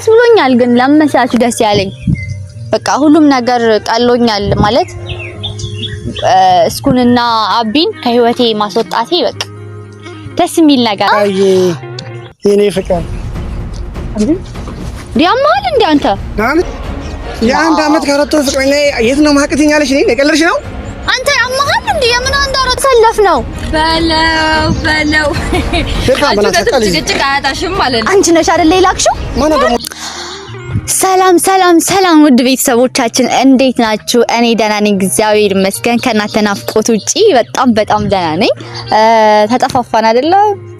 ደስ ብሎኛል፣ ግን ለመስራቹ ደስ ያለኝ በቃ ሁሉም ነገር ቀሎኛል ማለት እስኩንና አቢን ከህይወቴ ማስወጣቴ በቃ ደስ የሚል ነገር። አይ የኔ ፍቅር ዲያማል እንደ አንተ የአንድ አመት ከአራት ወር ፍቅረኛ የት ነው ማቀትኛለሽ? እኔ የቀለድሽ ነው አንተ ያማሃል እንዴ? የምን አንድ አራት ሰለፍ ነው በለው በለው ጭቅጭቅ አያጣሽም ማለት ነው። አንቺ ነሽ አይደል የላክሽው? ሰላም ሰላም ሰላም፣ ውድ ቤተሰቦቻችን እንዴት ናችሁ? እኔ ደህና ነኝ፣ እግዚአብሔር ይመስገን። ከእናንተ ናፍቆት ውጪ በጣም በጣም ደህና ነኝ። ተጠፋፋን አይደለ?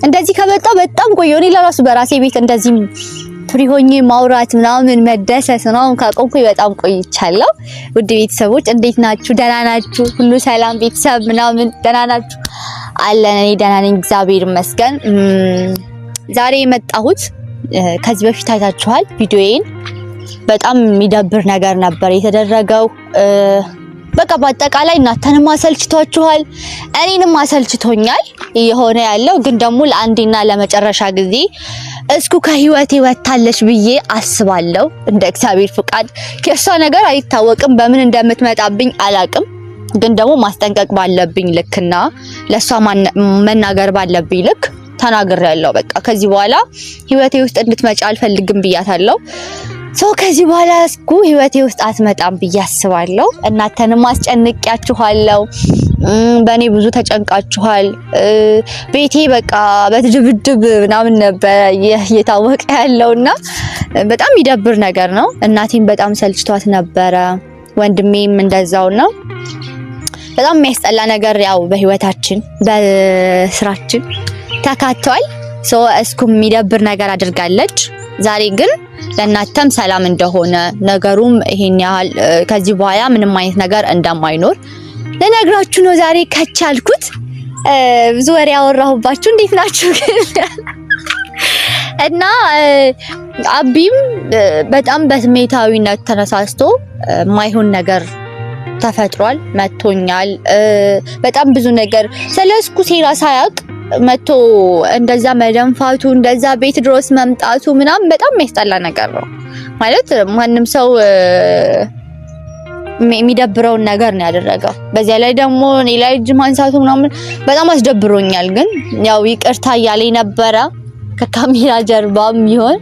እንደዚህ ከመጣሁ በጣም ቆየሁ። እኔ ለራሱ በራሴ ቤት እንደዚህ ፍሪ ሆኜ ማውራት ምናምን መደሰት ምናምን ካቆምኩኝ በጣም ቆይቻለሁ። ውድ ቤተሰቦች እንዴት ናችሁ? ደህና ናችሁ? ሁሉ ሰላም ቤተሰብ ምናምን ደህና ናችሁ? አለን። እኔ ደህና ነኝ እግዚአብሔር ይመስገን። ዛሬ የመጣሁት ከዚህ በፊት አይታችኋል ቪዲዮዬን። በጣም የሚደብር ነገር ነበር የተደረገው። በቃ በአጠቃላይ እናንተንም አሰልችቷችኋል፣ እኔንም አሰልችቶኛል እየሆነ ያለው ግን ደግሞ ለአንዴና ለመጨረሻ ጊዜ እስኩ ከህይወቴ ወታለች ብዬ አስባለሁ። እንደ እግዚአብሔር ፍቃድ ከእሷ ነገር አይታወቅም። በምን እንደምትመጣብኝ አላቅም። ግን ደግሞ ማስጠንቀቅ ባለብኝ ልክና ለእሷ መናገር ባለብኝ ልክ ተናግር ያለው በቃ ከዚህ በኋላ ህይወቴ ውስጥ እንድትመጪ አልፈልግም ብያታለሁ። ሰው ከዚህ በኋላ እስኩ ህይወቴ ውስጥ አትመጣም ብዬ አስባለሁ። እናንተንም አስጨንቂያችኋለሁ። በእኔ ብዙ ተጨንቃችኋል፣ ቤቴ በቃ በድብድብ ምናምን ነበረ እየታወቀ ያለውና በጣም ይደብር ነገር ነው። እናቴም በጣም ሰልችቷት ነበረ፣ ወንድሜም እንደዛው ነው። በጣም የሚያስጠላ ነገር ያው በህይወታችን በስራችን ተካተዋል። እስኩም የሚደብር ነገር አድርጋለች። ዛሬ ግን ለእናተም ሰላም እንደሆነ ነገሩም ይሄን ያህል ከዚህ በኋላ ምንም አይነት ነገር እንደማይኖር ልነግራችሁ ነው ዛሬ ከቻልኩት። ብዙ ወሬ ያወራሁባችሁ። እንዴት ናችሁ ግን? እና አቢም በጣም በስሜታዊነት ተነሳስቶ ማይሆን ነገር ተፈጥሯል። መቶኛል። በጣም ብዙ ነገር ስለ ሴራ ሳያውቅ መቶ እንደዛ መደንፋቱ እንደዛ ቤት ድሮስ መምጣቱ ምናምን በጣም የሚያስጠላ ነገር ነው ማለት ማንም ሰው የሚደብረውን ነገር ነው ያደረገው። በዚያ ላይ ደግሞ እኔ ላይ እጅ ማንሳቱ ምናምን በጣም አስደብሮኛል። ግን ያው ይቅርታ እያለኝ ነበረ ከካሜራ ጀርባም ቢሆን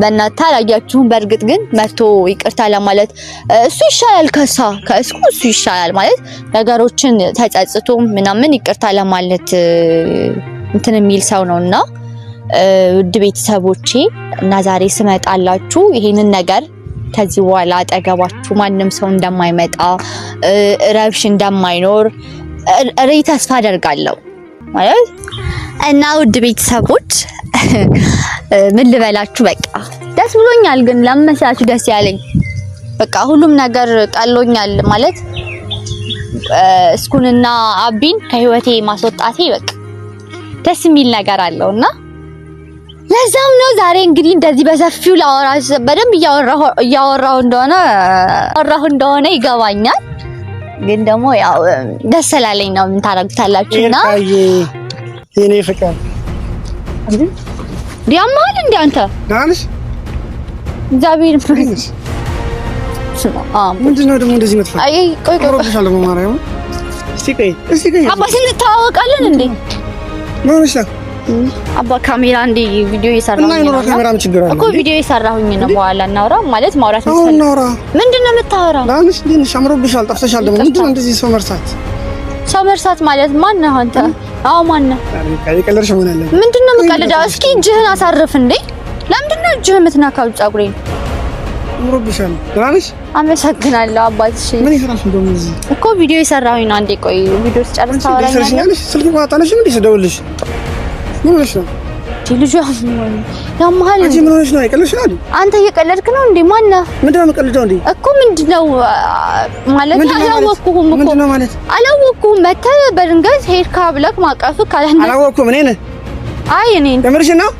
በእናታ አላያችሁም። በእርግጥ ግን መቶ ይቅርታ ለማለት እሱ ይሻላል፣ ከሳ ከእስኩ እሱ ይሻላል ማለት ነገሮችን ተጸጽቶ ምናምን ይቅርታ ለማለት እንትን የሚል ሰው ነው እና ውድ ቤተሰቦቼ እና ዛሬ ስመጣላችሁ ይሄንን ነገር ከዚህ በኋላ አጠገባችሁ ማንም ሰው እንደማይመጣ ረብሽ እንደማይኖር ሬ ተስፋ አደርጋለሁ ማለት እና ውድ ቤተሰቦች ምን ልበላችሁ፣ በቃ ደስ ብሎኛል። ግን ለመሰላችሁ ደስ ያለኝ በቃ ሁሉም ነገር ቀሎኛል ማለት እስኩንና አቢን ከህይወቴ ማስወጣቴ በቃ ደስ የሚል ነገር አለውና ለዛም ነው ዛሬ እንግዲህ እንደዚህ በሰፊው ላወራ በደንብ እያወራሁ እንደሆነ ወራሁ እንደሆነ ይገባኛል። ግን ደግሞ ያው ደስ ስላለኝ ነው የምታረጉታላችሁና የኔ ፍቅር ያማል እንደ አንተ እግዚአብሔር ምንድን ነው ደግሞ እንደዚህ መጥፋት? አይ ቆይ ቆይ ቆይ ቆይ ቆይ አባ ካሜራ እንዲ ቪዲዮ እየሰራሁ ነው እና ካሜራ ምን ችግር አለ እኮ ቪዲዮ እየሰራሁኝ ነው። በኋላ እናውራ ማለት ማውራት ነው። እናውራ ምንድን ነው የምታወራው? ላንስ ዲን ሻምሮብሻል፣ ጠፍተሻል። ደግሞ ምንድን ነው እንደዚህ ሰው መርሳት ሰው መርሳት ማለት ማን ነው አንተ? አዎ ማን ነው? ቀልድሽ ምን አለ? ምንድን ነው የምቀልደው? እስኪ እጅህን አሳርፍ እንዴ! ለምንድን ነው እጅህ የምትናካው ፀጉሬን? አምሮብሻል። ላንስ አመሰግናለሁ አባትሽ። ምን ይሰራሽ እንደውም እዚህ እኮ ቪዲዮ እየሰራሁኝ ነው። አንዴ ቆይ ቪዲዮ ስጨርስ ታወራኛለሽ። ስልክ ቋጣነሽ ምን ይደውልሽ ምን ሆነሽ ነው? ልጁ ያመሃል እንጂ ምን ሆነሽ ነው? የቀለድሽ ነው? አንተ እየቀለድክ ነው እንዴ? ማነህ? ምንድን ነው የምቀልደው እንዴ? እኮ ምንድን ነው ማለት አላወቅሁም እኮ ምንድን ነው ማለት አላወቅሁም። መተህ በድንገት ሄድካ ብለህ ማቀሱ ካላንተ አላወቅሁም። እኔ ነህ? አይ እኔ የምርሽን ነው?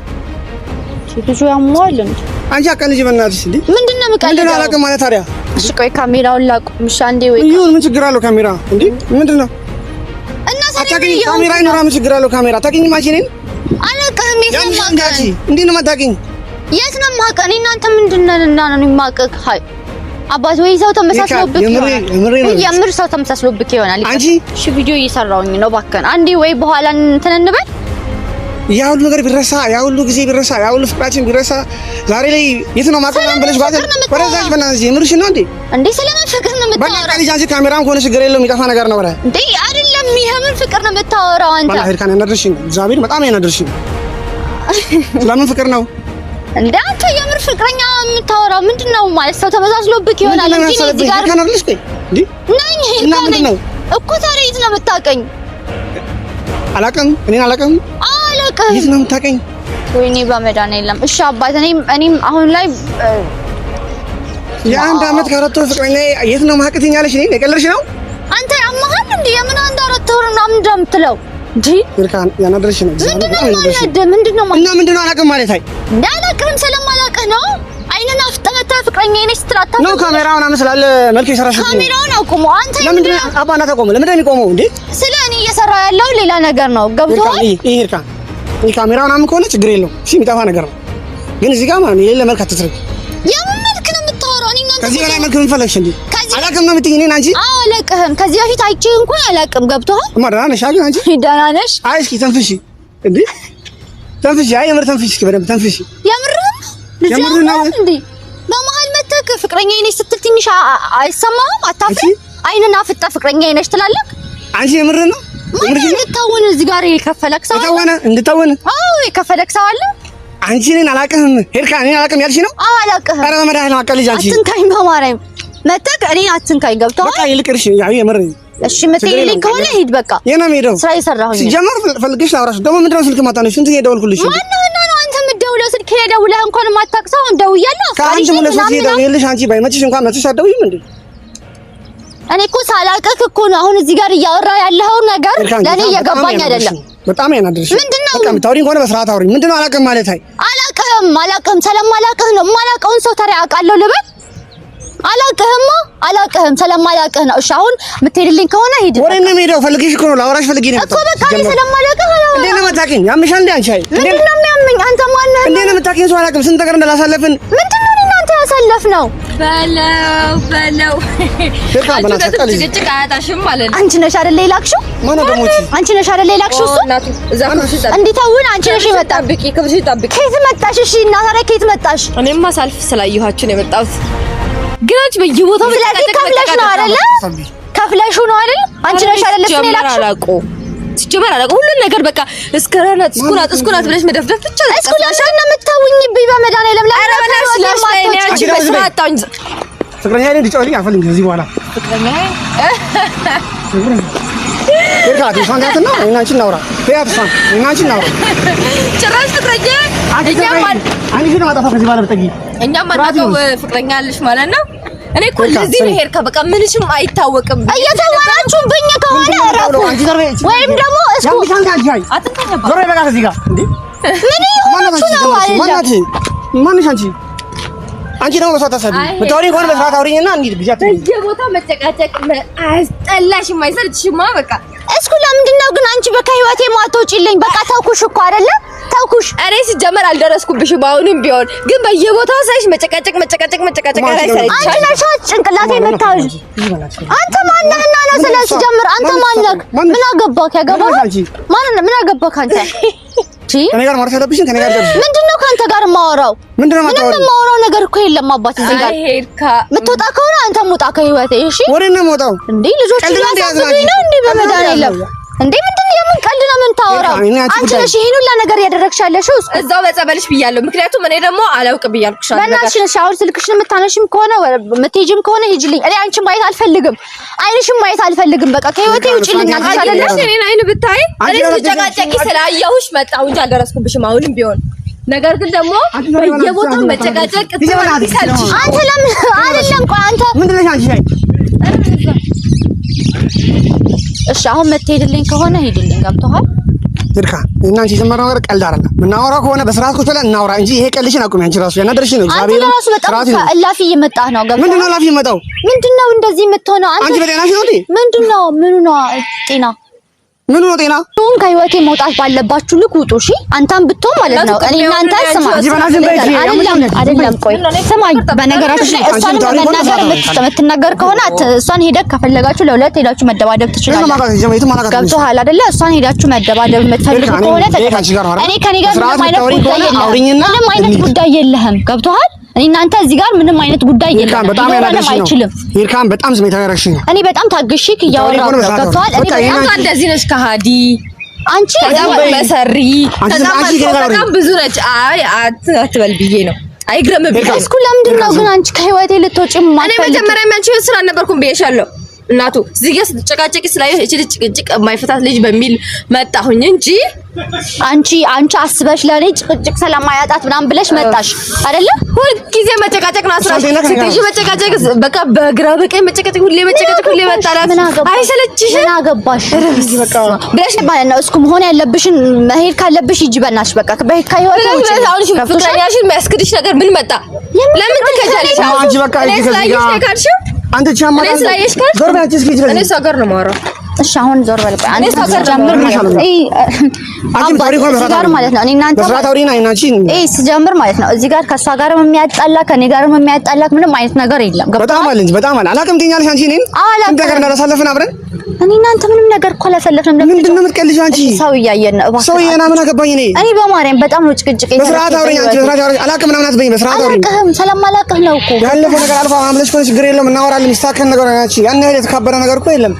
ልጁ ያመሃል እንዴ? አንቺ አቀልጂ በእናትሽ እንዴ! ምንድን ነው የምቀልደው? ምንድን ነው አላውቅም ማለት ታዲያ? እሺ ቆይ ካሜራውን ላቁም። እሺ አንዴ ወይ ይሁን፣ ምን ችግር አለው ካሜራ? እንዴ ምንድን ነው እና ሰሪ ካሜራ ይኖራል። ምን ችግር አለው ካሜራ? ታውቂኝማ አንቺ አላውቅህም። የት ነው የማውቅህ? እንዴት ነው የማታውቅኝ? የት ነው የማውቅህ? እኔ እናንተ ምንድን ነን ነው የማውቅህ? ሀይ አባት ወይ ሰው ተመሳስሎብክ የምር ሰው ተመሳስሎብክ ይሆናል። አንቺ ሺ ቪዲዮ እየሰራሁኝ ነው። እባክህን አንዴ ወይ በኋላ እንትን እንበል ያ ሁሉ ነገር ቢረሳ ያ ሁሉ ጊዜ ቢረሳ ያ ሁሉ ፍቅራችን ቢረሳ ዛሬ ላይ የት ነው ማቆም አንበለሽ ባዘ ወደዛሽ በእናትሽ ምርሽ ነው እንዴ እንዴ ስለምን ፍቅር ነው የምታወራው በቃ ልጅ ካሜራም ከሆነ ችግር የለውም የሚጠፋ ነገር ነው ማለት እንዴ አይደለም ይሄምን ፍቅር ነው የምታወራው አንተ ባላ ካን ያናደርሽኝ እግዚአብሔር በጣም ያናደርሽኝ ስለምን ፍቅር ነው እንዴ አንተ የምር ፍቅረኛ የምታወራው ምንድን ነው ማለት ሰው ተመዛዝሎብክ ይሆናል እንጂ እዚህ ጋር ካናልሽ እንዴ ነኝ እና ምንድን ነው እኮ ታዲያ የት ነው የምታውቀኝ አላውቅም እኔን አላውቅም አላውቅም። የት ነው የምታውቀኝ? ወይኔ በመድኃኒዓለም እሺ አባት፣ እኔም እኔም አሁን ላይ የአንድ አመት ከአራት ወር ፍቅረኛ የት ነው ማቀት ይኛለሽ? እኔ የቀለድሽ ነው አንተ። ያመሃል እንዴ? የምን አንድ አራት ወር ምናምን እንደምትለው ካሜራውን አቁሙ ስለ እኔ እየሰራ ያለው ሌላ ነገር ነው። ገብቶሃል? ይሄ ካሜራ ምናምን ከሆነ ችግር የለው። እሺ የሚጠፋ ነገር ነው፣ ግን እዚህ ጋር ማለት ነው የሌለ መልክ አትስርግ። ከዚህ በላይ መልክ ምን ፈለግሽ እንዴ? አላውቅም ነው የምትይኝ? እኔን አንቺ? አለቅህም። ከዚህ በፊት አይቼ እንኳን አላውቅም። ገብቶሃል? እማ ደህና ነሽ? አይ አንቺ ደህና ነሽ? አይ እስኪ ተንፍሽ፣ እንዴ! ተንፍሺ። አይ የምር ተንፍሽ፣ እስኪ በደንብ ተንፍሺ። የምር የምርና እንዴ በመሀል መተክ ፍቅረኛ ነሽ ስትል ትንሽ አይሰማህም? አታፍሪ? አይንና ፍጣ ፍቅረኛ ነሽ ትላለህ አንቺ። የምር ነው እዚህ ጋር የከፈለክ ሰው አለ። አንቺ እኔን አላውቅህም ሄርካ እኔን አላውቅም ያልሽ ነው። አዎ አላውቅህም። ኧረ በመድሀኒዐለም አውቃለሁ ልጅ አንቺ አትንካኝ፣ በማርያም መተህ እኔን አትንካኝ። ገብቶሃል? በቃ ይልቅርሽ ያው የምር እሺ የምትሄድልኝ ከሆነ ሂድ። በቃ የእኔም ሄደው ስራ የሰራሁኝ ሲጀመር ፈልግሽ ላውራሽ ደግሞ ምንድን ነው ስልክ ማታነሽ? ስንት የደወልኩልሽ ማነው ነው ነው አንተ የምትደውለው ስልክ ደውለህ እንኳን የማታውቅ ሰው እንደው ከአንቺ ሁለት ሶስት የደወልኩልሽ አንቺ ባይመችሽ እንኳን መችሽ አትደውይም እንዴ? እኔ እኮ ሳላቀክ እኮ ነው አሁን እዚህ ጋር እያወራ ያለው ነገር ለኔ እየገባኝ አይደለም። በጣም ያናደርሽ ምንድነው? በቃ ምታውሪ ከሆነ በስርዓት አውሪ። ምንድነው አላቀም ማለት አይ አላቅህም፣ አላቅህም፣ ስለማላቅህ ነው። የማላውቀውን ሰው ታዲያ አውቃለሁ ልበል? አላቅህማ፣ አላቅህም፣ ስለማላቅህ ነው። እሺ አሁን የምትሄድልኝ ከሆነ ሂድ። ወሬ ነው የምሄደው። ፈልግሽ እኮ ነው ላወራሽ ፈልጌ ነው እኮ በቃ እኔ ስለማላቅህ አላወራም። እንዴት ነው የምታውቂኝ? ያምሻል እንዴ አንቺ? አይ ምንድነው የሚያመኝ? አንተ ማን ነህ? እንዴት ነው የምታውቂኝ? ሰው አላቀም ስንት ነገር እንዳላሳለፍን ምንድነው እናንተ ነው በለው በለው አንቺ ነሽ አይደለ የላክሽው? አንቺ ነሽ አይደለ የላክሽው? እሱ እንዲህ ተውን። አንቺ ነሽ የመጣብሽ። ከየት መጣሽ? እሺ እናት ኧረ ከየት መጣሽ? እኔማ ሳልፍ ስላየኋችሁ ነው የመጣሁት። ግን አንቺ በየቦታው ስለዚህ ከፍለሽ ነው አይደለ? ከፍለሽ ነው አይደል? አንቺ ነሽ አይደለ የላክሽው? ሲጀመር አላውቅም። ሁሉን ነገር በቃ እስከራናት እስኩናት እስኩናት ብለሽ መደፍደፍ ብቻ ነው። እስኩናት እና የምታውኝብኝ በመድኃኒዓለም ላይ ኧረ በላሽ ስላሽ ላይ ነው ያቺ በስራት አታውኝ። ፍቅረኛ ላይ ልጫወትኝ አልፈልግም ከዚህ በኋላ ፍቅረኛ ይርካት ፍቅረኛ አንቺ ነው ከዚህ በኋላ ፍቅረኛ ማለት ነው እኔ እኮ ለዚህ ነው ሄርካ፣ በቃ ምንሽም አይታወቅም። እየተወራችሁብኝ ከሆነ ወይም ደግሞ እስኩ ዞሮ ይበቃ። ከዚህ ጋር ማንሽ አንቺ አንቺ ደግሞ በሰዓት አሳቢ ምታወሪ ከሆነ በሰዓት አውሪኝና እንሂድ። ብቻ በየቦታ መጨቃጨቅ አያስጠላሽም? አይሰልችሽማ? በቃ እስኩ ለምንድን ነው ግን አንቺ በቃ ህይወቴ ማትወጪልኝ? በቃ ተውኩሽ እኮ አይደለም ተውኩሽ። እኔ ሲጀመር አልደረስኩብሽም። አሁንም ቢሆን ግን በየቦታው ሳይሽ መጨቃጨቅ መጨቃጨቅ መጨቃጨቅ ላይ ጭንቅላቴ መታውሽ። አንተ ማን ነህና ነው ስለ ሲጀምር አንተ ማን ምን አገባህ? ያገባህ ማን ምን አገባህ አንተ? ከኔ ጋር ማውራት ያለብሽን ከኔ ጋር ደርሽ። ምንድነው ከአንተ ጋር ማወራው? ምንድነው ማወራው ነገር እኮ የለም። አባት እዚህ ጋር ምትወጣ ከሆነ አንተም ውጣ ከህይወቴ። እሺ ወሬ ነው የምወጣው እንዴ? ልጆች ያሳዝኑኝ ነው እንዴ? በመድኃኒዓለም እንዴ ምንድን ነው? የምን ቀልድ ነው የምታወራው? አንቺ ነሽ ይሄን ሁላ ነገር ያደረግሻለሽ። እሱ እዛው በጸበልሽ ብያለሁ፣ ምክንያቱም እኔ ደግሞ አላውቅ ብያልኩሻለሁ። በእናትሽ ነሽ አሁን ስልክሽን የምታነሺም ከሆነ የምትሄጂም ከሆነ ሂጂልኝ። እኔ አንቺን ማየት አልፈልግም፣ አይንሽም ማየት አልፈልግም። በቃ ከህይወቴ ውጪልኝ። አንቺ አይደለሽ እኔን አይን ብታይ እኔ ስትጨቃጨቂ ስላየሁሽ መጣሁ እንጂ አልደረስኩብሽም። አሁንም ቢሆን ነገር ግን ደግሞ በየቦታው መጨቃጨቅ ትሰልችሽ። አንተ ለምን አይደለም ቆይ አንተ ምንድነሽ አንቺ እሺ አሁን መትሄድልኝ ከሆነ ሄድልኝ። ገብቶሃል? ይርካ እና አንቺ የጀመረው ነገር ቀልድ አይደለም። የምናወራው ከሆነ በስርዓት ቁጭ ብለን እናውራ እንጂ ይሄ ቀልድሽን አቁሚ። አንቺ ራሱ ያናደርሽ ነው። አንቺ ራሱ በጣም እላፊ እየመጣህ ነው። ገብቶሃል? ምንድነው ነው እላፊ እየመጣው? ምንድን እንደዚህ የምትሆነው አንቺ? በጤናሽ ነው እንዴ? ምንድነው ምኑ ነው ጤና ምን ነው ጤና ሁን ከህይወቴ መውጣት ባለባችሁ ልክ ውጡ። እሺ አንተም ብትሆን ማለት ነው እኔ እናንተ ስማ፣ አይደለም አይደለም፣ ቆይ ስማኝ። በነገራችን ላይ እሷን መናገር የምትናገር ከሆነ እሷን ሄደህ ከፈለጋችሁ ለሁለት ሄዳችሁ መደባደብ ትችላለህ። ገብቶሃል አይደለ? እሷን ሄዳችሁ መደባደብ የምትፈልጉ ከሆነ እኔ ከኔ ጋር ምንም አይነት ጉዳይ የለህም። ገብቶሃል እናንተ እዚህ ጋር ምንም አይነት ጉዳይ የለም። በጣም ያላደሽ ነው ይርካን በጣም ስሜታዊ ያደረግሽ ነው። እኔ በጣም ታግሽክ እያወራሁ ገብቶሃል። እኔ በጣም እንደዚህ ነሽ ከሃዲ አንቺ በጣም መሰሪ በጣም ብዙ ነች። አይ አትበል ብዬ ነው አይግረምብኝ። እስኩ ለምንድን ነው ግን አንቺ ከህይወቴ ልትወጪ ማለት እኔ መጀመሪያ ያንቺ ስራ አልነበርኩም ብዬሻለሁ። እናቱ እዚህ ጋር ስትጨቃጨቂ ስላየሽ እቺ ልጅ ጭቅጭቅ የማይፈታት ልጅ በሚል መጣሁኝ እንጂ አንቺ አንቺ አስበሽ ለኔ ጭቅጭቅ ስለማያጣት ምናምን ብለሽ መጣሽ አይደለ? ጊዜ መጨቃጨቅ ነው አስራሽ ስትይ መጨቃጨቅ፣ በቃ በግራ በቀኝ መጨቃጨቅ፣ ሁሌ መጨቃጨቅ፣ ሁሌ መጣላት አይሰለችሽ? ምን አገባሽ ብለሽ ማለት ነው። እስኩ መሆን ያለብሽን መሄድ ካለብሽ ሂጂ በእናትሽ። በቃ በሄድ ካየው አሁንሽ ፍቅረኛሽን የሚያስክድሽ ነገር ምን መጣ? ለምን ትከጃለሽ? አንቺ በቃ አንቺ ካርሽ አንተ ቻማ ነው እሺ አሁን ዞር በል። አንተ ስጀምር ማለት ነው እዚህ ጋር ከእሷ ጋርም የሚያጣላ ከኔ ጋርም የሚያጣላ ምንም አይነት ነገር የለም። በጣም አለ እንጂ በጣም አለ። አብረን እኔ እናንተ ምንም ነገር እኮ አላሳለፍንም። ለምን ምንድን ነው የምትቀልጂው አንቺ? ሰው እያየን ነው እባክህ። ሰው እያየና ምን አገባኝ እኔ? እኔ በማርያም በጣም ነው ጭቅጭቅ። በስርዓት አውሪኝ አንቺ፣ በስርዓት አውሪኝ። አላውቅም ምናምን አትበይኝ። በስርዓት አውሪኝ። አላውቅም ስለማላውቅህ ነው እኮ ያለፈው ነገር አልፋ ምናምን ብለሽ ችግር የለውም እናወራለን። የሚስተካከል ነገር ነው አንቺ። ያን ያህል የተካበረ ነገር እኮ የለም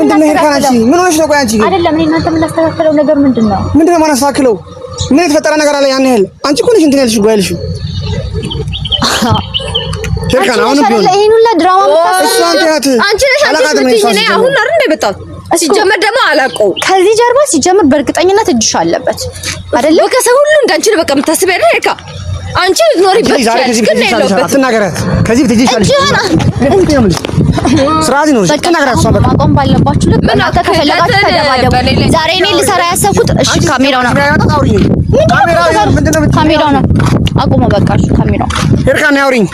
ምንድን ነው ሄርካናቺ? ምን ሆነሽ ነው? ቆይ አንቺ አይደለም እኔ እናንተ የምናስተካክለው ነገር ምንድን ነው? ምንድን ነው የማናስተካክለው? ምን የተፈጠረ ነገር አለ? ያን ያህል አንቺ እኮ ነሽ እንትን ያልሽው ያልሽው ሄርካን፣ አሁን ቢሆን ይሄን ሁላ ድራማ አንቺ ነሽ አንቺ አሁን አይደል እንደ ሲጀመር ደግሞ አላውቀውም። ከዚህ ጀርባ ሲጀመር በእርግጠኝነት እጅሽ አለበት አይደለም? በቃ ሰው ሁሉ እንዳንቺ ነው በቃ የምታስቢው አይደል ሄርካ አንቺ ልትኖሪበት ትችያለሽ፣ ግን የለውበትም። አትናገሪያት። ከዚህ በቃ ልክ ዛሬ ያሰብኩት እሺ፣ ካሜራው ነው ካሜራው ነው። በቃ እሺ፣ ካሜራው ያውሪኝ